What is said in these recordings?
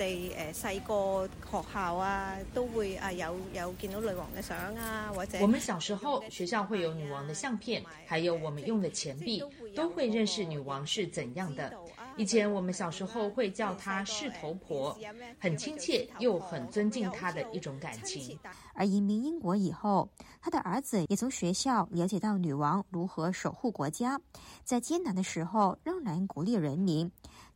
我哋細個學校啊，都會啊有有見到女王嘅相啊，或者，我們小時候學校會有女王嘅相片，還有我們用嘅錢幣，都會認識女王是怎樣的。以前我們小時候會叫她事頭婆，很親切又很尊敬她的一種感情。而移民英國以後，她的兒子也從學校了解到女王如何守護國家，在艱難的時候仍然鼓勵人民。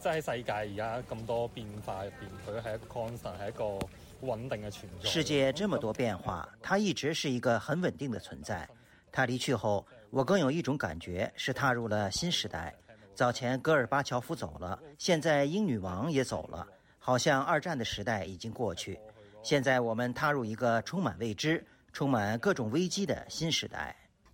即喺世界而家咁多變化入邊，佢係一個 constant，係一個穩定嘅存在。世界這麼多變化，它一直是一個很穩定的存在。它離去後，我更有一種感覺是踏入了新時代。早前戈爾巴喬夫走了，現在英女王也走了，好像二戰的時代已經過去。現在我們踏入一個充滿未知、充滿各種危機的新時代。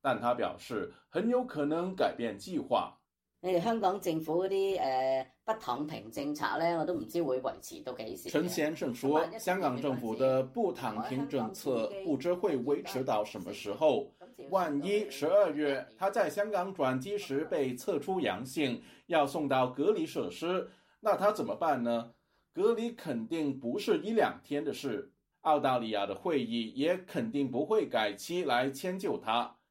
但他表示，很有可能改變計劃。你哋香港政府嗰啲誒不躺平政策咧，我都唔知會維持到幾時。陳先生說，香港政府的不躺平政策不知會維持到什麼時候？萬一十二月他在香港轉機時被測出陽性，要送到隔離設施，那他怎麼辦呢？隔離肯定不是一兩天的事。澳大利亞的會議也肯定不會改期來遷就他。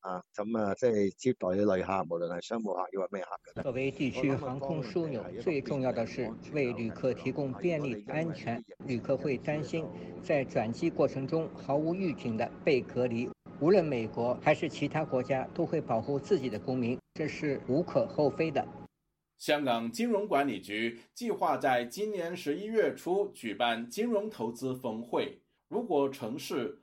啊，咁啊，即係接待嘅旅客，無論係商務客亦或咩客。作為地區航空樞紐，最重要的是為旅客提供便利、安全。旅客會擔心在轉機過程中毫無預警的被隔離。無論美國還是其他國家，都會保護自己的公民，這是無可厚非的。香港金融管理局計劃在今年十一月初舉辦金融投資峰會。如果城市。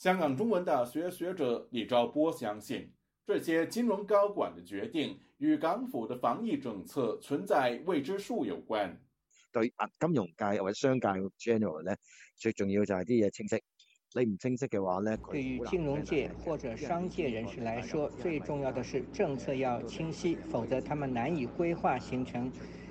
香港中文大學學者李兆波相信，這些金融高管的決定與港府的防疫政策存在未知數有關。對，金融界或者商界 general 呢最重要就是啲嘢清晰。你唔清晰嘅話呢，對於金融界或者商界人士來說，最重要的是政策要清晰，否則他們難以規劃形成。